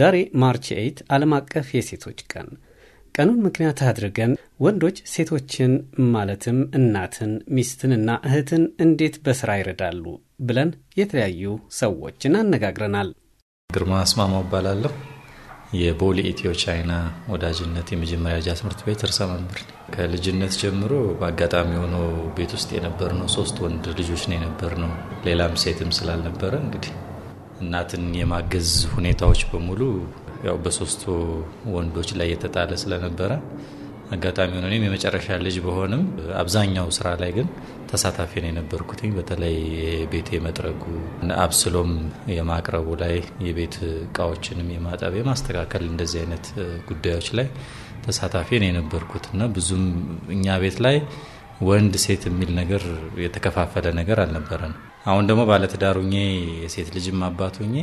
ዛሬ ማርች 8 ዓለም አቀፍ የሴቶች ቀን። ቀኑን ምክንያት አድርገን ወንዶች ሴቶችን ማለትም እናትን፣ ሚስትንና እህትን እንዴት በሥራ ይረዳሉ ብለን የተለያዩ ሰዎችን አነጋግረናል። ግርማ አስማማው እባላለሁ። የቦሌ ኢትዮ ቻይና ወዳጅነት የመጀመሪያ ጃ ትምህርት ቤት እርሰ መምር ከልጅነት ጀምሮ በአጋጣሚ ሆኖ ቤት ውስጥ የነበር ነው ሶስት ወንድ ልጆች ነው የነበር ነው ሌላም ሴትም ስላልነበረ እንግዲህ እናትን የማገዝ ሁኔታዎች በሙሉ ያው በሶስቱ ወንዶች ላይ የተጣለ ስለነበረ አጋጣሚ ሆነ እኔም የመጨረሻ ልጅ በሆንም አብዛኛው ስራ ላይ ግን ተሳታፊ ነው የነበርኩትኝ። በተለይ ቤት የመጥረጉ አብስሎም የማቅረቡ ላይ የቤት እቃዎችንም የማጠብ የማስተካከል እንደዚህ አይነት ጉዳዮች ላይ ተሳታፊ ነው የነበርኩት እና ብዙም እኛ ቤት ላይ ወንድ ሴት የሚል ነገር የተከፋፈለ ነገር አልነበረን። አሁን ደግሞ ባለትዳር ሁኜ የሴት ልጅም አባት ሁኜ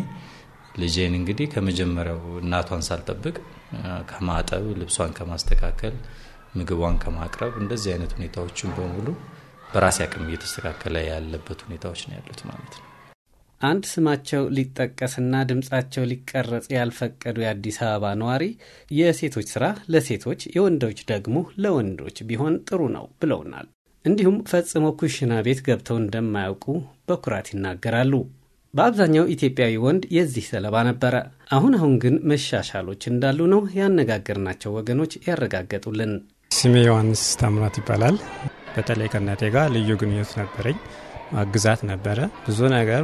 ልጄን እንግዲህ ከመጀመሪያው እናቷን ሳልጠብቅ ከማጠብ፣ ልብሷን ከማስተካከል፣ ምግቧን ከማቅረብ እንደዚህ አይነት ሁኔታዎችን በሙሉ በራሴ አቅም እየተስተካከለ ያለበት ሁኔታዎች ነው ያሉት ማለት ነው። አንድ ስማቸው ሊጠቀስና ድምፃቸው ሊቀረጽ ያልፈቀዱ የአዲስ አበባ ነዋሪ የሴቶች ስራ ለሴቶች የወንዶች ደግሞ ለወንዶች ቢሆን ጥሩ ነው ብለውናል። እንዲሁም ፈጽሞ ኩሽና ቤት ገብተው እንደማያውቁ በኩራት ይናገራሉ። በአብዛኛው ኢትዮጵያዊ ወንድ የዚህ ሰለባ ነበረ። አሁን አሁን ግን መሻሻሎች እንዳሉ ነው ያነጋገርናቸው ወገኖች ያረጋገጡልን። ስሜ ዮሐንስ ታምራት ይባላል። በተለይ ከእናቴ ጋር ልዩ ግንኙነት ነበረኝ። አግዛት ነበረ። ብዙ ነገር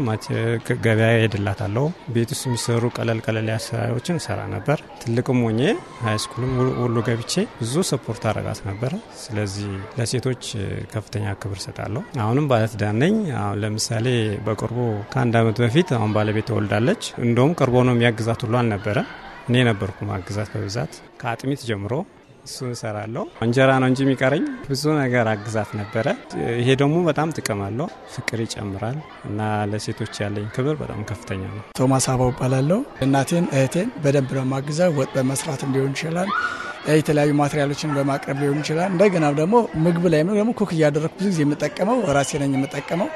ገበያ ሄድላታለሁ። ቤት ውስጥ የሚሰሩ ቀለል ቀለል ያ ስራዎችን ሰራ ነበር። ትልቅም ሆኜ ሃይስኩልም ሁሉ ገብቼ ብዙ ሰፖርት አረጋት ነበረ። ስለዚህ ለሴቶች ከፍተኛ ክብር ሰጣለሁ። አሁንም ባለትዳር ነኝ። ለምሳሌ በቅርቡ ከአንድ አመት በፊት አሁን ባለቤት ተወልዳለች። እንደውም ቅርቦ ነው የሚያግዛት ሁሉ አልነበረ እኔ ነበርኩ ማግዛት በብዛት ከአጥሚት ጀምሮ እሱ እሰራለሁ። እንጀራ ነው እንጂ የሚቀረኝ ብዙ ነገር አግዛት ነበረ። ይሄ ደግሞ በጣም ጥቅም አለው፣ ፍቅር ይጨምራል እና ለሴቶች ያለኝ ክብር በጣም ከፍተኛ ነው። ቶማስ አባው እባላለሁ። እናቴን እህቴን በደንብ ነው ማግዛት፣ ወጥ በመስራት ሊሆን ይችላል የተለያዩ ማቴሪያሎችን በማቅረብ ሊሆን ይችላል። እንደገና ደግሞ ምግብ ላይ ደግሞ ኩክ እያደረግኩ ብዙ ጊዜ የምጠቀመው ራሴ ነኝ የምጠቀመው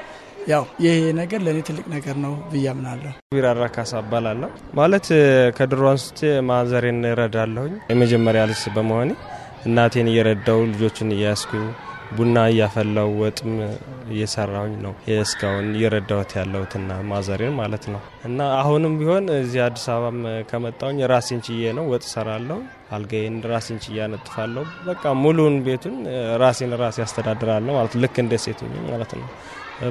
ያው ይሄ ነገር ለእኔ ትልቅ ነገር ነው ብያምናለሁ። ቢራራ ካሳ እባላለሁ። ማለት ከድሮ አንስቼ ማዘሬን እረዳለሁኝ። የመጀመሪያ ልጅ በመሆኔ እናቴን እየረዳው ልጆችን እያያስኩ ቡና እያፈላው ወጥም እየሰራውኝ ነው እስካሁን እየረዳሁት ያለሁትና ማዘሬን ማለት ነው። እና አሁንም ቢሆን እዚህ አዲስ አበባም ከመጣውኝ ራሴን ችዬ ነው ወጥ ሰራለሁ። አልጋዬን ራሴን ችዬ አነጥፋለሁ። በቃ ሙሉን ቤቱን ራሴን ራሴ ያስተዳድራለሁ ማለት ልክ እንደ ሴቱኝ ማለት ነው።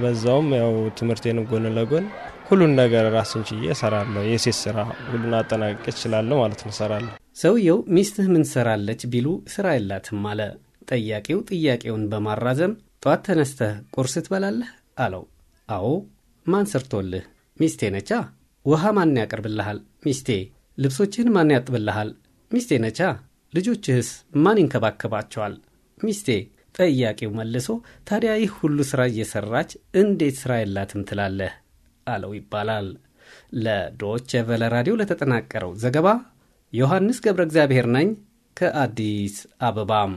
በዛውም ያው ትምህርቴን ጎን ለጎን ሁሉን ነገር ራስን ችዬ እሰራለሁ። የሴት ስራ ሁሉን አጠናቅቄ እችላለሁ ማለት ነው፣ እሰራለሁ። ሰውየው ሚስትህ ምን ሰራለች ቢሉ ስራ የላትም አለ። ጠያቂው ጥያቄውን በማራዘም ጠዋት ተነስተህ ቁርስ ትበላለህ አለው። አዎ። ማን ሰርቶልህ? ሚስቴ ነቻ። ውሃ ማን ያቀርብልሃል? ሚስቴ። ልብሶችህን ማን ያጥብልሃል? ሚስቴ ነቻ። ልጆችህስ ማን ይንከባከባቸዋል? ሚስቴ ጠያቂው መልሶ ታዲያ ይህ ሁሉ ሥራ እየሠራች እንዴት ሥራ የላትም ትላለህ? አለው ይባላል። ለዶች ቨለ ራዲዮ ለተጠናቀረው ዘገባ ዮሐንስ ገብረ እግዚአብሔር ነኝ ከአዲስ አበባም